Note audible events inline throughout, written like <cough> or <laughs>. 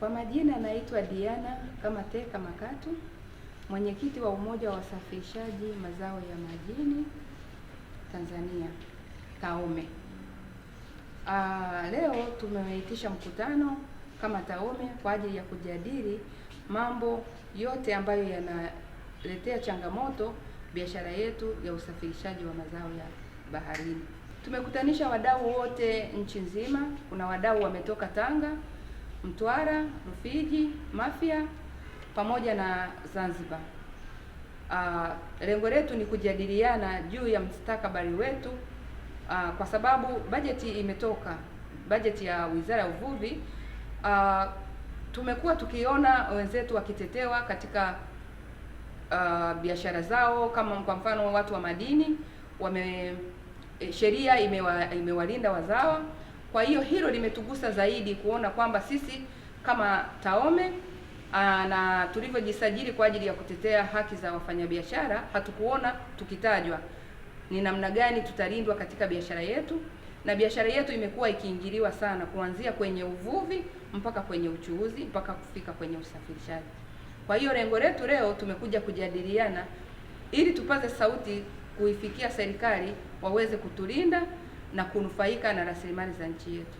Kwa majina naitwa Diana Kamateka Makatu, mwenyekiti wa umoja wa wasafirishaji mazao ya majini Tanzania Taome. Uh, leo tumeitisha mkutano kama Taome kwa ajili ya kujadili mambo yote ambayo yanaletea changamoto biashara yetu ya usafirishaji wa mazao ya baharini. Tumekutanisha wadau wote nchi nzima. Kuna wadau wametoka Tanga Mtwara, Rufiji, Mafia pamoja na Zanzibar. Uh, lengo letu ni kujadiliana juu ya mstakabali wetu uh, kwa sababu bajeti imetoka, bajeti ya Wizara ya Uvuvi. Uh, tumekuwa tukiona wenzetu wakitetewa katika uh, biashara zao, kama kwa mfano watu wa madini wame, eh, sheria imewa, imewalinda wazawa kwa hiyo hilo limetugusa zaidi kuona kwamba sisi kama Taome ah, na tulivyojisajili kwa ajili ya kutetea haki za wafanyabiashara hatukuona tukitajwa ni namna gani tutalindwa katika biashara yetu, na biashara yetu imekuwa ikiingiliwa sana, kuanzia kwenye uvuvi mpaka kwenye uchuuzi mpaka kufika kwenye usafirishaji. Kwa hiyo lengo letu leo tumekuja kujadiliana ili tupaze sauti kuifikia serikali waweze kutulinda na kunufaika na rasilimali za nchi yetu.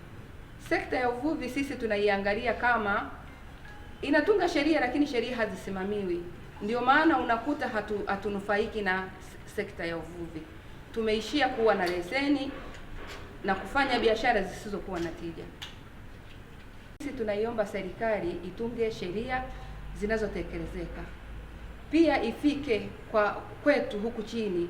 Sekta ya uvuvi sisi tunaiangalia kama inatunga sheria, lakini sheria hazisimamiwi. Ndio maana unakuta hatu, hatunufaiki na sekta ya uvuvi. Tumeishia kuwa na leseni na kufanya biashara zisizokuwa na tija. Sisi tunaiomba serikali itunge sheria zinazotekelezeka, pia ifike kwa kwetu huku chini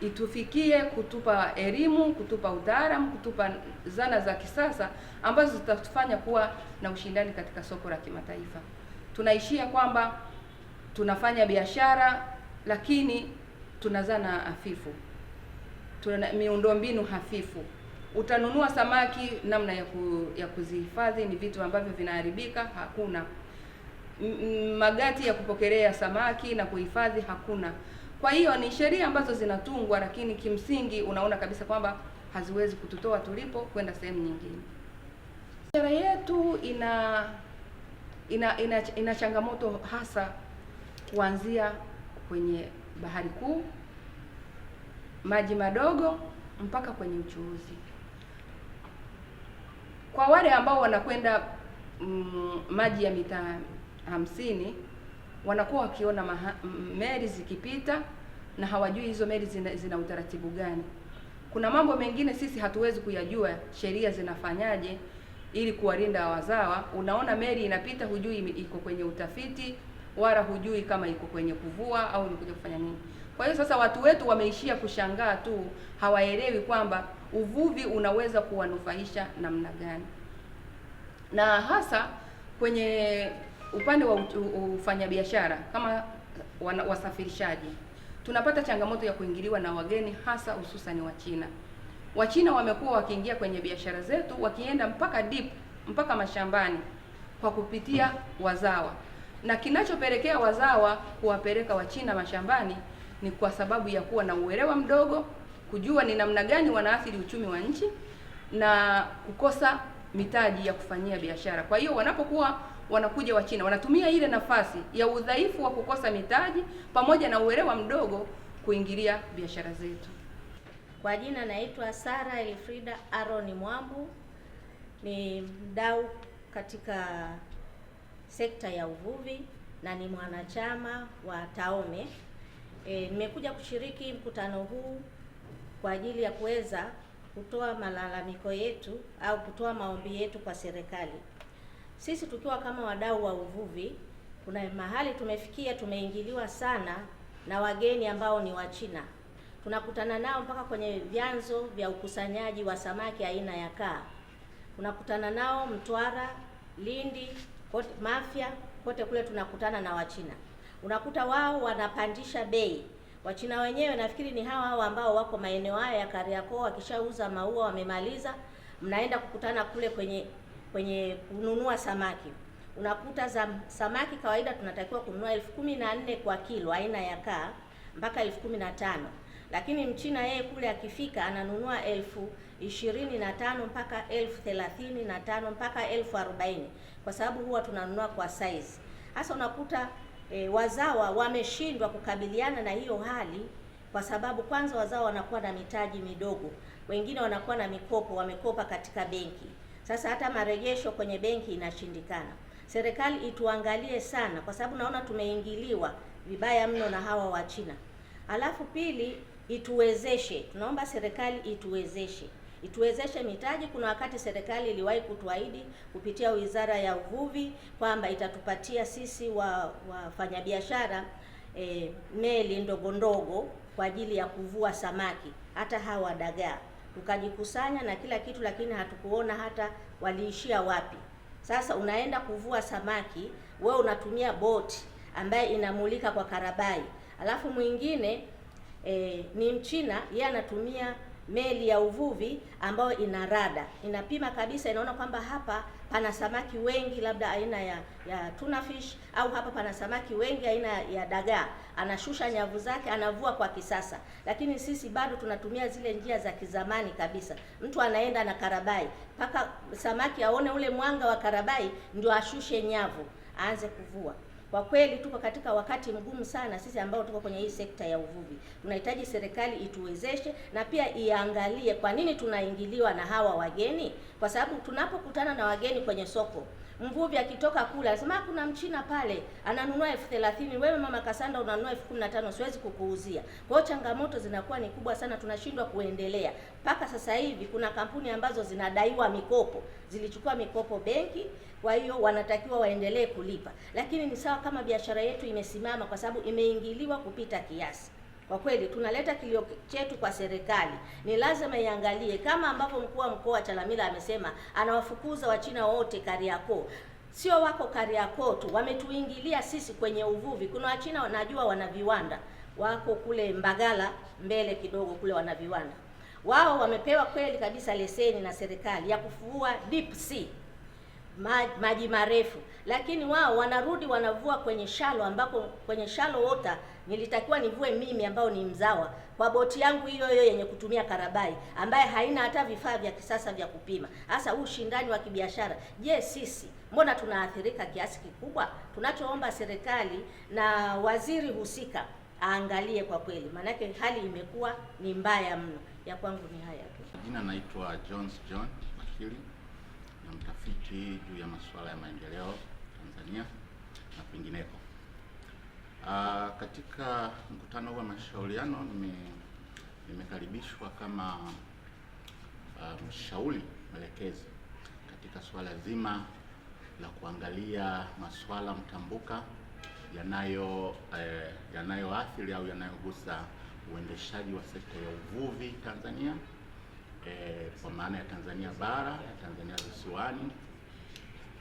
itufikie kutupa elimu, kutupa utaalamu, kutupa zana za kisasa ambazo zitatufanya kuwa na ushindani katika soko la kimataifa. Tunaishia kwamba tunafanya biashara lakini tuna zana hafifu, tuna miundombinu hafifu. Utanunua samaki, namna ya ku, ya kuzihifadhi ni vitu ambavyo vinaharibika, hakuna. Magati ya kupokelea samaki na kuhifadhi, hakuna. Kwa hiyo ni sheria ambazo zinatungwa, lakini kimsingi unaona kabisa kwamba haziwezi kututoa tulipo kwenda sehemu nyingine. Biashara yetu ina ina, ina ina changamoto hasa kuanzia kwenye bahari kuu, maji madogo mpaka kwenye uchuuzi. Kwa wale ambao wanakwenda mm, maji ya mita hamsini wanakuwa wakiona meli zikipita na hawajui hizo meli zina, zina utaratibu gani. Kuna mambo mengine sisi hatuwezi kuyajua sheria zinafanyaje ili kuwalinda wazawa. Unaona meli inapita, hujui iko kwenye utafiti wala hujui kama iko kwenye kuvua au imekuja kufanya nini. Kwa hiyo sasa watu wetu wameishia kushangaa tu, hawaelewi kwamba uvuvi unaweza kuwanufaisha namna gani, na hasa kwenye upande wa ufanyabiashara kama wasafirishaji tunapata changamoto ya kuingiliwa na wageni hasa hususani Wachina. Wachina wamekuwa wakiingia kwenye biashara zetu wakienda mpaka deep mpaka mashambani kwa kupitia wazawa, na kinachopelekea wazawa kuwapeleka Wachina mashambani ni kwa sababu ya kuwa na uelewa mdogo, kujua ni namna gani wanaathiri uchumi wa nchi na kukosa mitaji ya kufanyia biashara. Kwa hiyo wanapokuwa wanakuja Wachina wanatumia ile nafasi ya udhaifu wa kukosa mitaji pamoja na uelewa mdogo kuingilia biashara zetu. Kwa jina naitwa Sara Elfrida Aaron Mwambu, ni mdau katika sekta ya uvuvi na ni mwanachama wa Taome. E, nimekuja e, kushiriki mkutano huu kwa ajili ya kuweza kutoa malalamiko yetu au kutoa maombi yetu kwa serikali. Sisi tukiwa kama wadau wa uvuvi, kuna mahali tumefikia, tumeingiliwa sana na wageni ambao ni Wachina. Tunakutana nao mpaka kwenye vyanzo vya ukusanyaji wa samaki aina ya kaa. Tunakutana nao Mtwara, Lindi, kote, Mafia, kote kule tunakutana na Wachina. Unakuta wao wanapandisha bei. Wachina wenyewe nafikiri ni hawa hawa ambao wako maeneo haya ya Kariakoo, wakishauza maua wamemaliza, mnaenda kukutana kule kwenye kwenye kununua samaki unakuta za samaki kawaida tunatakiwa kununua elfu kumi na nne kwa kilo aina ya kaa mpaka elfu kumi na tano lakini mchina yeye kule akifika ananunua elfu ishirini na tano mpaka elfu thelathini na tano mpaka elfu arobaini kwa sababu huwa tunanunua kwa size. Hasa unakuta e, wazawa wameshindwa kukabiliana na hiyo hali, kwa sababu kwanza wazawa wanakuwa na mitaji midogo, wengine wanakuwa na mikopo, wamekopa katika benki. Sasa hata marejesho kwenye benki inashindikana. Serikali ituangalie sana, kwa sababu naona tumeingiliwa vibaya mno na hawa wa China. Alafu pili, ituwezeshe, tunaomba serikali ituwezeshe ituwezeshe mitaji. Kuna wakati serikali iliwahi kutuahidi kupitia wizara ya uvuvi kwamba itatupatia sisi wafanyabiashara e, meli ndogo ndogo kwa ajili ya kuvua samaki, hata hawa dagaa tukajikusanya na kila kitu, lakini hatukuona hata waliishia wapi. Sasa unaenda kuvua samaki, we unatumia boti ambaye inamulika kwa karabai, alafu mwingine e, ni Mchina yeye anatumia meli ya uvuvi ambayo ina rada, inapima kabisa, inaona kwamba hapa pana samaki wengi, labda aina ya ya tuna fish, au hapa pana samaki wengi aina ya dagaa. Anashusha nyavu zake, anavua kwa kisasa. Lakini sisi bado tunatumia zile njia za kizamani kabisa, mtu anaenda na karabai mpaka samaki aone ule mwanga wa karabai ndio ashushe nyavu aanze kuvua. Kwa kweli tuko katika wakati mgumu sana, sisi ambao tuko kwenye hii sekta ya uvuvi. Tunahitaji serikali ituwezeshe na pia iangalie kwa nini tunaingiliwa na hawa wageni, kwa sababu tunapokutana na wageni kwenye soko, mvuvi akitoka kula anasema ah, kuna mchina pale ananunua elfu thelathini wewe mama Kasanda unanunua elfu kumi na tano siwezi kukuuzia. Kwa hiyo changamoto zinakuwa ni kubwa sana, tunashindwa kuendelea mpaka sasa hivi. Kuna kampuni ambazo zinadaiwa mikopo, zilichukua mikopo benki kwa hiyo wanatakiwa waendelee kulipa, lakini ni sawa kama biashara yetu imesimama kwa sababu imeingiliwa kupita kiasi. Kwa kweli tunaleta kilio chetu kwa serikali, ni lazima iangalie kama ambavyo mkuu wa mkoa Chalamila amesema anawafukuza Wachina wote Kariakoo. Sio wako Kariakoo tu, wametuingilia sisi kwenye uvuvi. Kuna Wachina wanajua wana viwanda wako kule Mbagala mbele kidogo kule wana viwanda wao, wamepewa kweli kabisa leseni na serikali ya kufua deep sea maji marefu, lakini wao wanarudi wanavua kwenye shalo, ambapo kwenye shalo wota nilitakiwa nivue mimi ambao ni mzawa kwa boti yangu hiyo hiyo yenye kutumia karabai ambaye haina hata vifaa vya kisasa vya kupima. Hasa huu ushindani wa kibiashara, je, sisi mbona tunaathirika kiasi kikubwa? Tunachoomba serikali na waziri husika aangalie kwa kweli, maanake hali imekuwa ni mbaya mno. Ya kwangu ni haya tu. Jina naitwa Jones John Makili na mtafiti juu ya masuala ya maendeleo Tanzania na kwingineko. Uh, katika mkutano wa mashauriano nime nimekaribishwa kama uh, mshauri mwelekezi katika suala zima la kuangalia masuala mtambuka yanayo eh, yanayoathiri au yanayogusa uendeshaji wa sekta ya uvuvi Tanzania eh, kwa maana ya Tanzania bara, Tanzania visiwani,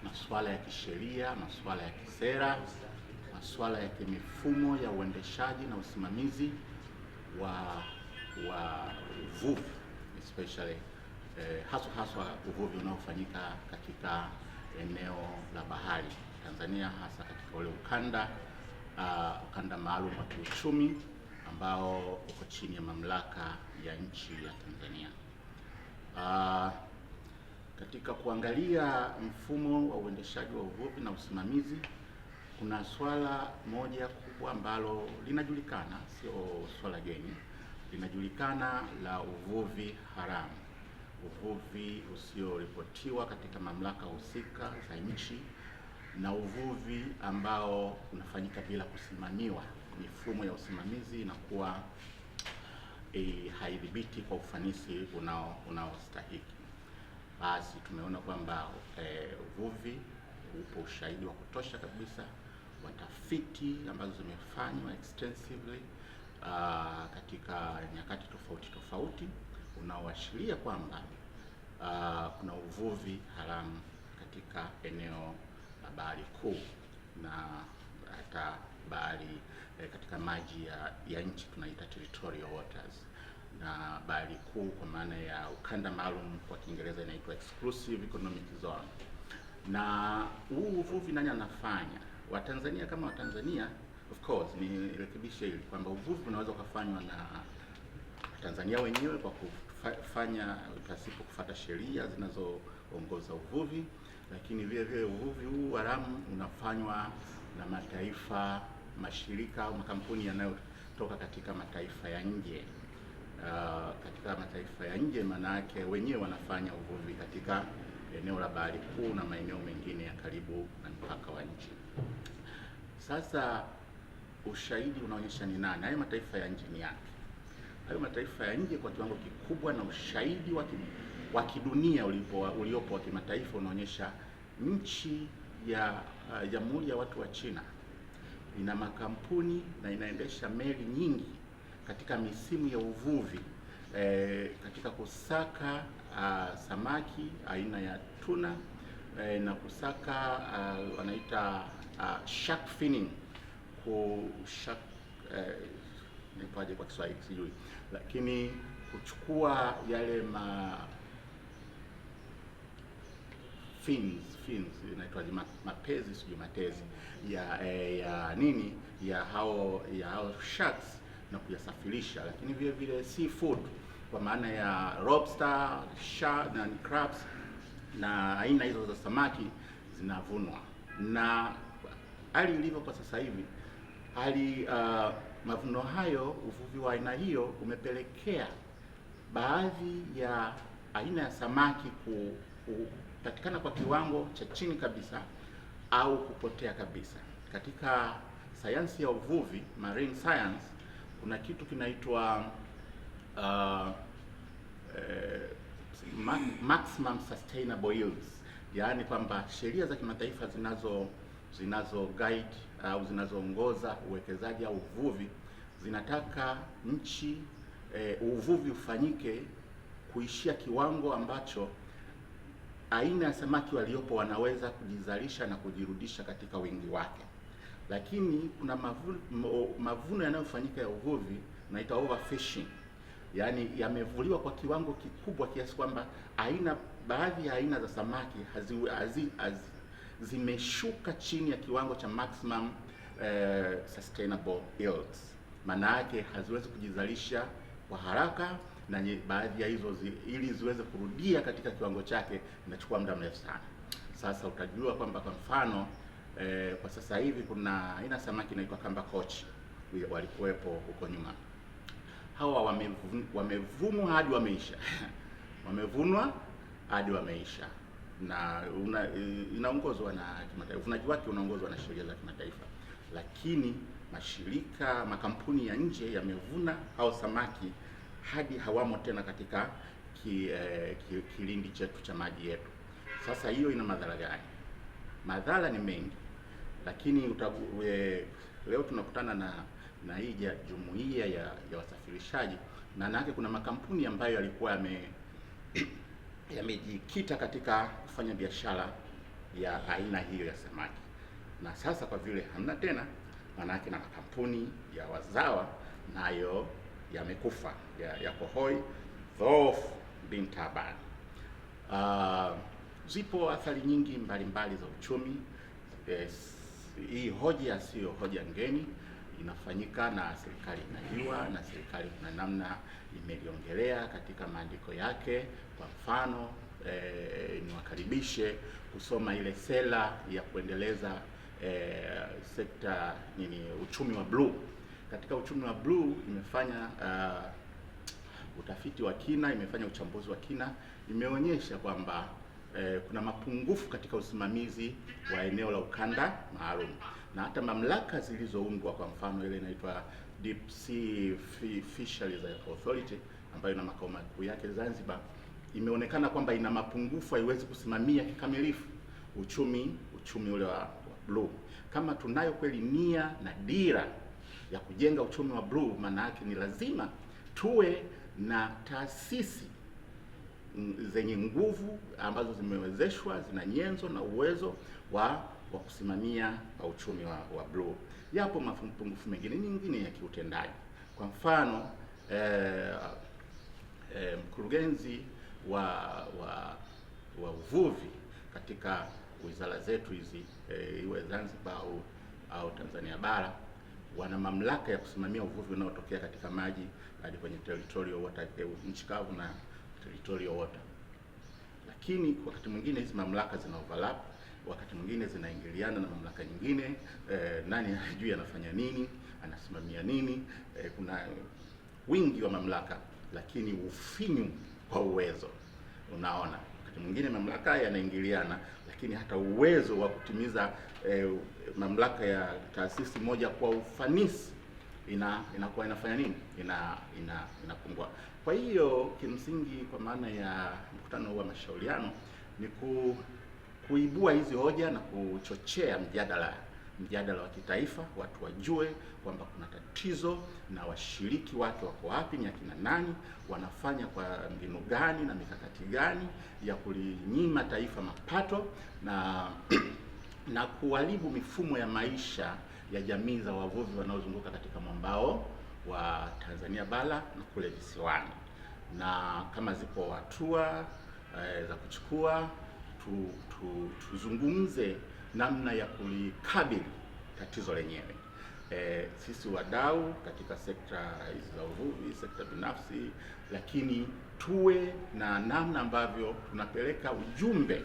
masuala ya kisheria, masuala ya kisera, masuala ya kimifumo ya uendeshaji na usimamizi wa wa uvuvi especially eh, haswa haswa uvuvi unaofanyika katika eneo la bahari Tanzania, hasa katika ule ukanda uh, ukanda maalum wa kiuchumi ambao uko chini ya mamlaka ya nchi ya Tanzania. Uh, katika kuangalia mfumo wa uendeshaji wa uvuvi na usimamizi, kuna swala moja kubwa ambalo linajulikana, sio swala geni, linajulikana la uvuvi haramu, uvuvi usioripotiwa katika mamlaka husika za nchi na uvuvi ambao unafanyika bila kusimamiwa. Mifumo ya usimamizi inakuwa haidhibiti kwa ufanisi unao unaostahiki. Basi tumeona kwamba eh, uvuvi upo ushahidi wa kutosha kabisa wa tafiti ambazo zimefanywa extensively a, ah, katika nyakati tofauti tofauti unaoashiria kwamba ah, kuna uvuvi haramu katika eneo la bahari kuu na hata bahari e, katika maji ya, ya nchi tunaita territorial waters, na bahari kuu kwa maana ya ukanda maalum kwa Kiingereza inaitwa exclusive economic zone. Na huu uvuvi nani anafanya? Watanzania kama Watanzania, of course nirekebishe hili kwamba uvuvi unaweza ukafanywa na Tanzania wenyewe kwa kufanya pasipo kufuata sheria zinazoongoza uvuvi, lakini vile vile uvuvi huu haramu unafanywa na mataifa mashirika au makampuni yanayotoka katika mataifa ya nje uh, katika mataifa ya nje, maana yake wenyewe wanafanya uvuvi katika eneo la bahari kuu na maeneo mengine ya karibu na mpaka wa nchi. Sasa ushahidi unaonyesha ni nani hayo mataifa ya nje ni yapi? Hayo mataifa ya nje kwa kiwango kikubwa na ushahidi wa kidunia uliopo wa kimataifa unaonyesha nchi ya ah, Jamhuri ya, ya watu wa China ina makampuni na inaendesha meli nyingi katika misimu ya uvuvi e, katika kusaka a, ah, samaki aina ya tuna e, na kusaka a, ah, wanaita a, ah, shark finning ku shark e, eh, nipaje kwa Kiswahili sijui, lakini kuchukua yale ma fins fins inaitwaje, mapezi sijui matezi ya eh, ya nini ya hao ya hao sharks na kuyasafirisha, lakini vile vile seafood kwa maana ya lobster, shark na crabs na aina hizo za samaki zinavunwa, na hali ilivyo kwa sasa hivi hali uh, mavuno hayo, uvuvi wa aina hiyo umepelekea baadhi ya aina ya samaki ku, ku kupatikana kwa kiwango cha chini kabisa au kupotea kabisa. Katika sayansi ya uvuvi, marine science, kuna kitu kinaitwa uh, eh, maximum sustainable yields, yaani kwamba sheria za kimataifa zinazo zinazo guide au zinazoongoza uwekezaji au uvuvi zinataka nchi eh, uvuvi ufanyike kuishia kiwango ambacho aina ya samaki waliopo wanaweza kujizalisha na kujirudisha katika wingi wake, lakini kuna mavuno, mavuno yanayofanyika ya uvuvi naita overfishing, yaani yamevuliwa kwa kiwango kikubwa kiasi kwamba aina baadhi ya aina za samaki hazi, hazi, hazi, zimeshuka chini ya kiwango cha maximum uh, sustainable yields, maana yake haziwezi kujizalisha kwa haraka na baadhi ya hizo zi, ili ziweze kurudia katika kiwango chake inachukua muda mrefu sana. Sasa utajua kwamba kwa mfano eh, kwa sasa hivi kuna aina samaki inaitwa kamba kochi walikuwepo huko nyuma, hawa wamevunwa hadi wameisha <laughs> wamevunwa hadi wameisha na una, inaongozwa na kimataifa, uvunaji wake unaongozwa na sheria za kimataifa, lakini mashirika makampuni ya nje yamevuna hao samaki hadi hawamo tena katika ki, eh, ki, kilindi chetu cha maji yetu. Sasa hiyo ina madhara gani? Madhara ni mengi, lakini utabu, eh, leo tunakutana na na hii jumuiya ya, ya wasafirishaji na nake kuna makampuni ambayo yalikuwa yame <clears throat> yamejikita katika kufanya biashara ya aina hiyo ya samaki, na sasa kwa vile hamna tena, manake na makampuni ya wazawa nayo yamekufa yako ya hoi dhoofu binti habari. Uh, ah, zipo athari nyingi mbalimbali mbali za uchumi. Yes, eh, hii hoja siyo hoja ngeni, inafanyika na serikali inajua, na serikali kuna namna imeliongelea katika maandiko yake. Kwa mfano eh, niwakaribishe kusoma ile sera ya kuendeleza eh, sekta nini uchumi wa bluu katika uchumi wa bluu imefanya uh, utafiti wa kina, imefanya uchambuzi wa kina, imeonyesha kwamba eh, kuna mapungufu katika usimamizi wa eneo la ukanda maalum, na hata mamlaka zilizoundwa, kwa mfano ile inaitwa Deep Sea Fisheries Authority ambayo ina makao makuu yake Zanzibar, imeonekana kwamba ina mapungufu, haiwezi kusimamia kikamilifu uchumi uchumi ule wa, wa bluu. Kama tunayo kweli nia na dira ya kujenga uchumi wa bluu, maana yake ni lazima tuwe na taasisi zenye nguvu ambazo zimewezeshwa, zina nyenzo na uwezo wa wa kusimamia wa uchumi wa, wa bluu. Yapo mapungufu mengine nyingine ya kiutendaji, kwa mfano eh, eh, mkurugenzi wa wa wa uvuvi katika wizara zetu hizi eh, iwe Zanzibar au, au Tanzania bara wana mamlaka ya kusimamia uvuvi unaotokea katika maji hadi kwenye territorial water, eh, nchi kavu na territorial water. Lakini wakati mwingine hizi mamlaka zina overlap, wakati mwingine zinaingiliana na mamlaka nyingine. E, nani hajui anafanya nini, anasimamia nini? E, kuna wingi wa mamlaka, lakini ufinyu kwa uwezo. Unaona, wakati mwingine mamlaka yanaingiliana lakini hata uwezo wa kutimiza eh, mamlaka ya taasisi moja kwa ufanisi ina inakuwa inafanya nini, ina inapungua. Ina kwa hiyo kimsingi, kwa maana ya mkutano wa mashauriano ni ku, kuibua hizi hoja na kuchochea mjadala mjadala wa kitaifa, watu wajue kwamba kuna tatizo na washiriki wake wako wapi, ni akina nani, wanafanya kwa mbinu gani na mikakati gani ya kulinyima taifa mapato na <clears throat> na kuharibu mifumo ya maisha ya jamii za wavuvi wanaozunguka katika mwambao wa Tanzania bara na kule visiwani, na kama zipo hatua e, za kuchukua tu, tu, tuzungumze namna ya kulikabili tatizo lenyewe. E, sisi wadau katika sekta hizi za uvuvi, sekta binafsi, lakini tuwe na namna ambavyo tunapeleka ujumbe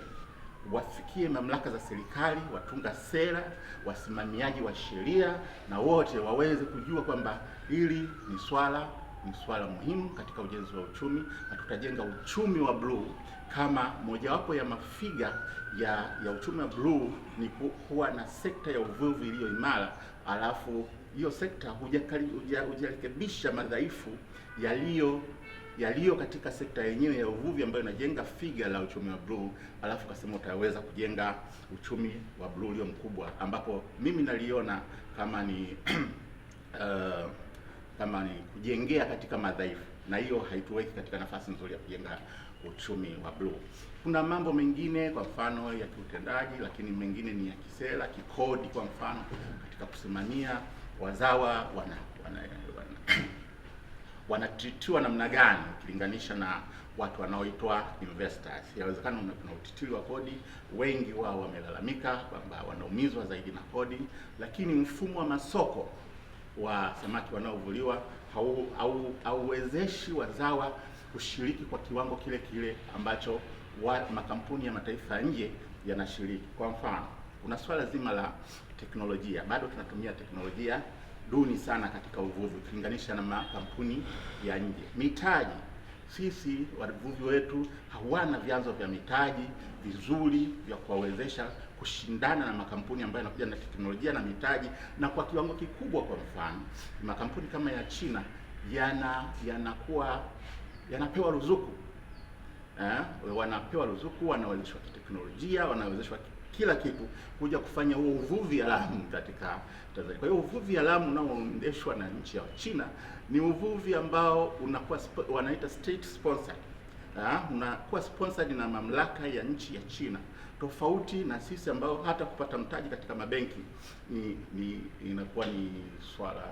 wafikie mamlaka za serikali, watunga sera, wasimamiaji wa sheria na wote waweze kujua kwamba hili ni swala ni swala muhimu katika ujenzi wa uchumi na tutajenga uchumi wa bluu kama mojawapo ya mafiga ya, ya uchumi wa bluu ni kuwa na sekta ya uvuvi iliyo imara, alafu hiyo sekta hujarekebisha madhaifu yaliyo yaliyo katika sekta yenyewe ya uvuvi ambayo inajenga figa la uchumi wa bluu, alafu kasema utaweza kujenga uchumi wa bluu ulio mkubwa, ambapo mimi naliona kama ni <clears throat> uh, kama ni kujengea katika madhaifu, na hiyo haituweki katika nafasi nzuri ya kujenga uchumi wa bluu. Kuna mambo mengine kwa mfano ya kiutendaji, lakini mengine ni ya kisera, kikodi, kwa mfano katika kusimamia wazawa wana wana, wana, <coughs> namna gani ukilinganisha na watu wanaoitwa investors. Yawezekana kuna utitiri wa kodi, wengi wao wamelalamika kwamba wanaumizwa zaidi na kodi, lakini mfumo wa masoko wa samaki wanaovuliwa hauwezeshi wazawa kushiriki kwa kiwango kile kile ambacho wa, makampuni ya mataifa nje yanashiriki. Kwa mfano, kuna swala zima la teknolojia. Bado tunatumia teknolojia duni sana katika uvuvi ukilinganisha na makampuni ya nje. Mitaji sisi wavuvi wetu hawana vyanzo vya mitaji vizuri vya kuwawezesha kushindana na makampuni ambayo yanakuja na teknolojia na mitaji na kwa kiwango kikubwa. Kwa mfano, makampuni kama ya China yana yanakuwa yanapewa ruzuku eh, wanapewa ruzuku, wanawezeshwa kiteknolojia, wanawezeshwa kila kitu kuja kufanya huo uvuvi haramu katika Tanzania. Kwa hiyo uvuvi haramu unaoendeshwa na nchi ya China ni uvuvi ambao unakuwa wanaita state sponsored. Ha, unakuwa sponsored na mamlaka ya nchi ya China tofauti na sisi ambao hata kupata mtaji katika mabenki ni, ni inakuwa ni swala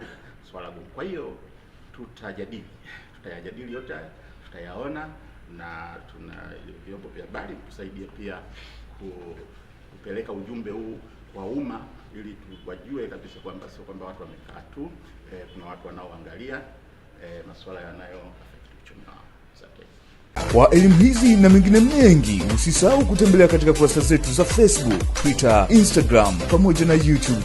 swala gumu. Kwa hiyo tutajadili, tutayajadili yote, tutayaona na tuna vyombo vya habari kusaidia pia kupeleka ujumbe huu kwa umma ili tuwajue kabisa kwamba sio kwamba watu wamekaa tu eh, kuna watu wanaoangalia eh, masuala yanayo affect uchumi wao. Asante. Kwa elimu hizi na mengine mengi, usisahau kutembelea katika kurasa zetu za Facebook, Twitter, Instagram pamoja na YouTube.